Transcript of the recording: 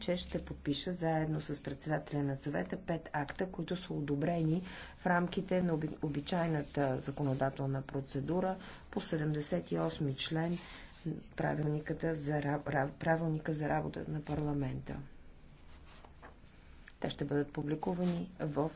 че ще подпиша заедно с председателя на съвета пет акта, които са одобрени в рамките на обичайната законодателна процедура по 78 член за, правилника за работа на парламента. Те ще бъдат публикувани в